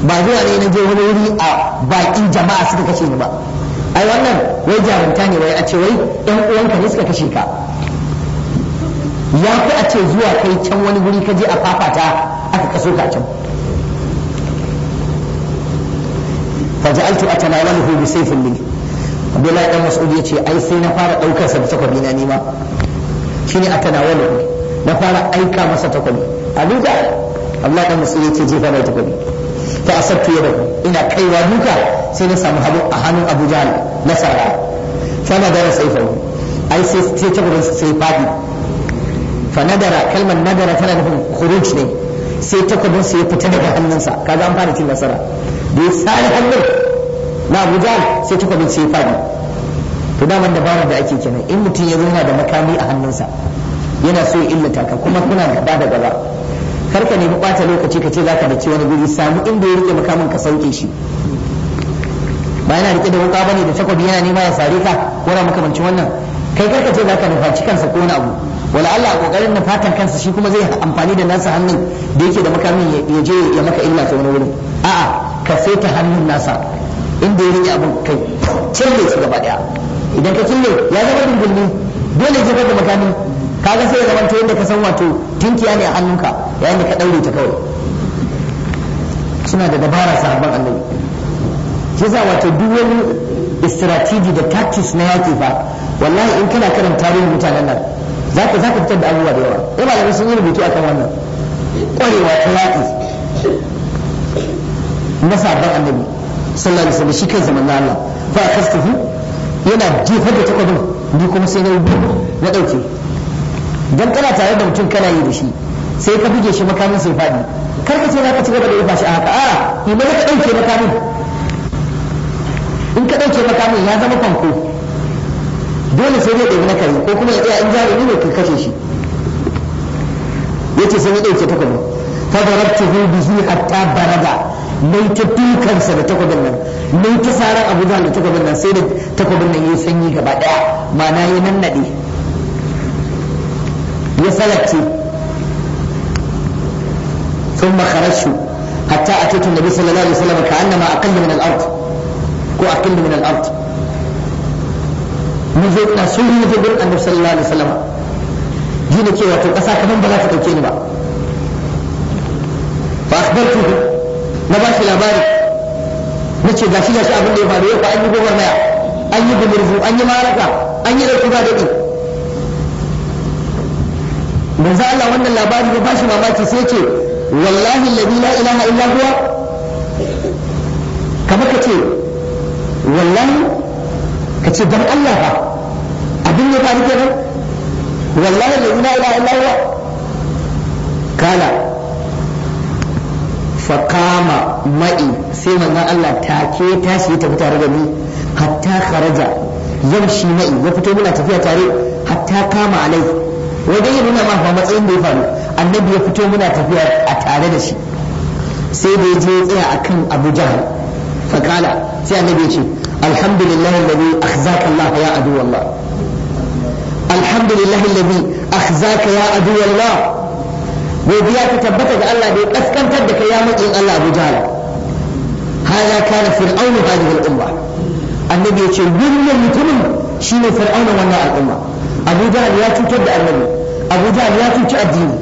ba zuwa ne na je wuri a bakin jama'a suka kashe ni ba ai wannan wai jarumta ne wai a ce wai yan uwanka ne suka kashe ka ya fi a ce zuwa kai can wani wuri ka je a fafata aka kaso ka can faja'altu wani bi sai li Abdullahi dan Mas'ud ce ai sai na fara daukar sa da takobi na nima shine wani na fara aika masa takobi a duka Abdullahi Ɗan dan Mas'ud yace jefa mai takobi fa asabtu yadahu ina kaiwa duka sai na samu habu a hannun Abu Jahl na sara dara sai sayfahu ai sai sai ta gurin sai fadi fana nadara kalmar nadara tana nufin khuruj ne sai takobin sai fita daga hannunsa kaga an fara cin nasara da ya sare hannun na Abu Jahl sai takobin sai fadi to daman dabarar da ake kenan in mutum ya zo yana da makami a hannunsa yana so ya illata ka kuma kuna gaba da gaba karka nemi ɓata lokaci ka ce zaka da ce wani guri samu inda ya rike makamin ka sauke shi ba yana rike da wuka bane da takobi yana nema ya sare ka ko wani makamancin wannan kai karka ce zaka nufaci kansa ko wani abu wala Allah a kokarin na fatan kansa shi kuma zai amfani da nasa hannun da yake da makamin ya je ya maka illa ta wani wurin a'a ka saita hannun nasa inda ya rike abun kai cille su gaba daya idan ka cille ya zama dingulmi dole ya da makamin kaga sai ya zama to yadda ka san wato tinkiya ne a hannunka yayin da ka daure ta kawai suna da dabara sahabban annabi yasa wato duk wani strategy da tactics na yaki fa wallahi in kana karin tarihin mutanen nan za ka fitar da abubuwa da yawa ya da sun yi rubutu akan wannan kwarewa ta yaki na sahabban annabi sallallahu alaihi wasallam shi zaman na Allah fa kastuhu yana jefar da takwadin ni kuma sai na yi na dauke dan kana tare da mutum kana yi da shi sai ka buge shi makamin sai faɗi kar ka ce za ka ci gaba da rufa shi a haka a ina ka ɗauke makamin in ka ɗauke makamin ya zama fanko dole sai zai ɗauki na kare ko kuma ya tsaya in jari ne ka kashe shi yace sai ya ɗauke takwabin fadarabtuhu bihi hatta barada mai ta dukansa da takwabin nan mai ta saran abuja da takwabin nan sai da takwabin nan ya sanyi gaba ɗaya ma'ana ya nannade يسلكتي ثم خرجت حتى أتيت النبي صلى الله عليه وسلم كأنما أقل من الأرض كو أقل من الأرض نزلنا سوء نزل النبي صلى الله عليه وسلم جينا كي واتو قصا كمان بلا تتوكيني بقى فأخبرته نباشي لاباري نتشي غاشي غاشي أبن دي باري وقا أني بغرنايا أني بمرفو أني ماركا أني لو تبادئي manzo Allah wannan labari ya bashi mamaki sai ce wallahi alladhi la ilaha illa huwa kama ka ce wallahi ka ce dan Allah ba abin ya faru kenan wallahi alladhi la ilaha illa huwa kala fakama ma'i sai manzon Allah take tashi ya tafi tare da ni hatta kharaja yamshi ma'i ya fito muna tafiya tare hatta kama alai wajen ya nuna ma matsayin da ya faru annabi ya fito muna tafiya a tare da shi sai da ya je ya tsaya akan Abu Jahal fakala sai annabi ya ce alhamdulillah alladhi zaka Allah ya adu wallah alhamdulillah alladhi zaka ya adu wallah ya ta tabbata ga Allah da ya kaskantar da kai ya matsayin Allah Abu Jahal hada kana fir'aunu hadhihi al-umma annabi ya ce wannan mutumin shine fir'auna wannan al'umma abu jahal ya cutar da annabi abu jahal ya cuci addini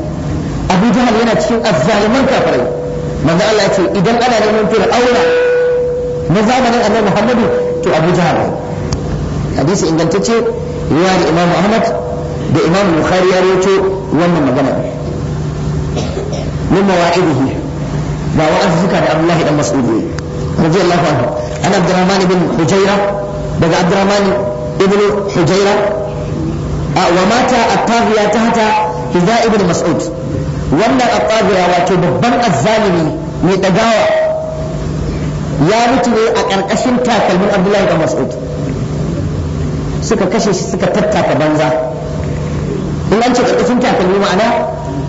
abu jahal yana cikin azzaliman kafirai manzo Allah ya ce idan ana neman fir'auna na zamanin annabi Muhammadu to abu jahal hadisi ingantacce riwayar imam Ahmad da imam Bukhari ya rawaito wannan magana min mawa'idihi ba wa wa'azuka da Abdullahi dan Mas'ud radiyallahu anhu ana Abdurrahman bin Hujaira daga Abdurrahman ibn Hujaira wa mata attabiya ta hata hida ibn mas'ud wannan attabiya wato babban azzalimi mai dagawa ya mutu ne a ƙarƙashin takalmin abdullahi da mas'ud suka kashe shi suka tattaka banza in an ce ƙarƙashin takalmi ma'ana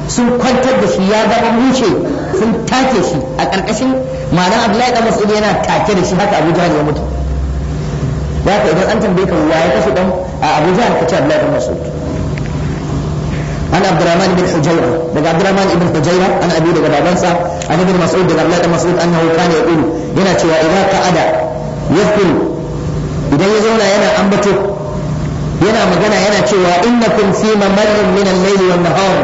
sun kwantar da shi ya zama mushe sun take shi a ƙarƙashin ma'ana abdullahi da mas'ud yana take da shi haka abu ne ya mutu zaka idan an tambaye ka waye kasu dan a Abu Jahl ka ce Abdullah bin Mas'ud ana Abdurrahman ibn Hujayra daga Abdurrahman ibn Hujayra an abi daga babansa an ibn Mas'ud daga Abdullah bin Mas'ud annahu kana yaqulu yana cewa idan qa'ada yadhkuru idan ya zauna yana ambato yana magana yana cewa innakum fi mamarrin min al-layli wan nahar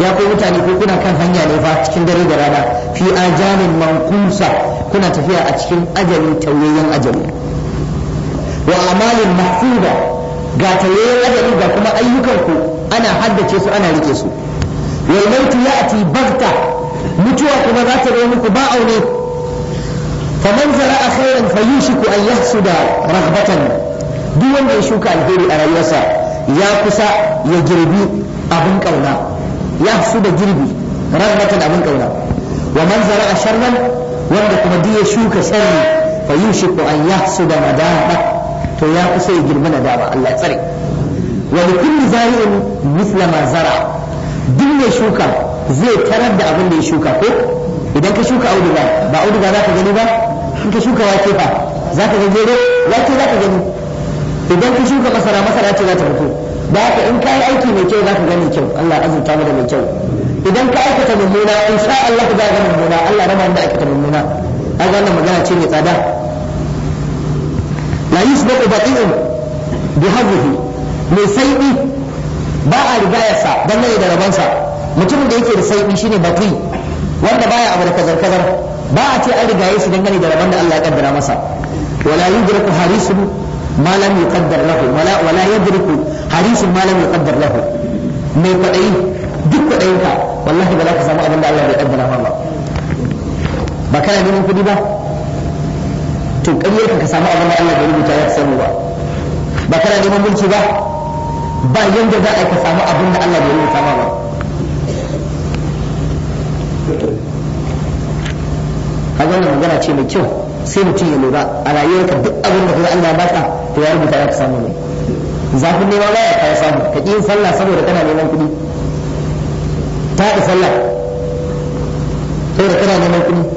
ya ku mutane ko kuna kan hanya ne fa cikin dare da rana fi ajalin mankusa kuna tafiya a cikin ajalin tauyayyen ajali wa amalin mahfuda ga tayoyin adadi ga kuma ayyukan ku ana haddace su ana rike su wal mautu ya'ti bagta mutuwa kuma za ta zo muku ba aure faman zara'a khairan fayushiku an yahsuda raghbatan duk wanda ya shuka alheri a rayuwarsa ya kusa ya girbi abin kauna ya su da girbi raghbatan abin kauna wa man a sharran wanda kuma duk ya shuka sharri fayushiku an yahsuda madaba to ya kusa ya girma na dama Allah tsare wani kulli zari'in muslima zara duk mai shuka zai tarar da abin da ya shuka ko idan ka shuka auduga ba auduga za ka gani ba in ka shuka wake fa za ka ga gero wake za ka gani idan ka shuka masara masara ce za ta fito da haka in ka yi aiki mai kyau za ka gani kyau Allah azurta mu da mai kyau idan ka aikata mummuna in sha Allah ka ga mummuna Allah rama da aikata mummuna a ga wannan magana ce mai tsada la yusbaqu bati'un bi hadhihi mai saibi ba a rigayarsa dangane da rabansa mutumin da yake da saibi shine bati wanda baya abu da kazar kazar ba a ce an rigaye shi dangane da rabon da Allah ya kaddara masa wala yudraku harisun ma lam yuqaddar lahu wala wala yudriku harisun ma lam yuqaddar lahu mai kwadayi duk kwadayinka wallahi ba za ka samu abin da Allah ya kaddara ma ba ba kana neman kudi ba to ƙaryar ka samu abin da Allah bai rubuta ya samu ba ba kana neman mulki ba ba yanda za a ka samu abin da Allah bai rubuta ma ba kaga wannan magana ce mai kyau sai mutum ya lura a rayuwarka duk abin da kuma Allah ya baka to ya rubuta ya samu ne zafin nema ba ya kawo samu ka yin sallah saboda kana neman kuɗi ta da sallah saboda kana neman kuɗi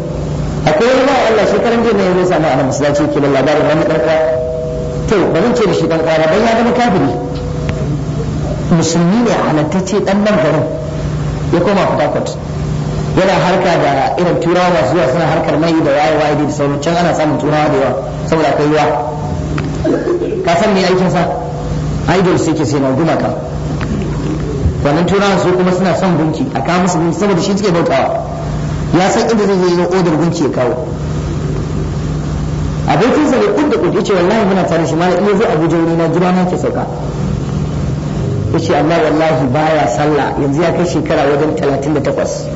akwai wani bayan Allah shekaran jiya ne ya rusa mu a masallaci ke da labarin wani dan uwa to ba zan ce da shi ɗan uwa ba ya zama kafiri musulmi ne a halattacce ɗan nan garin ya koma Port yana harka da irin turawa masu zuwa suna harkar mai da waye waye da sauran can ana samun turawa da yawa saboda akwai yawa ka san me aikin sa idol suke ke sai na gumaka wannan turawa su kuma suna son gunki a kawo musu gunki saboda shi suke bautawa ya san inda zai yi odar gunci ya kawo abokinsa da kudda ce wallahi muna tare shi mala iya zai abuja wuri na gida na ke sauka ya ce amma wallahi baya sallah yanzu ya kai shekara wajen talatin da takwas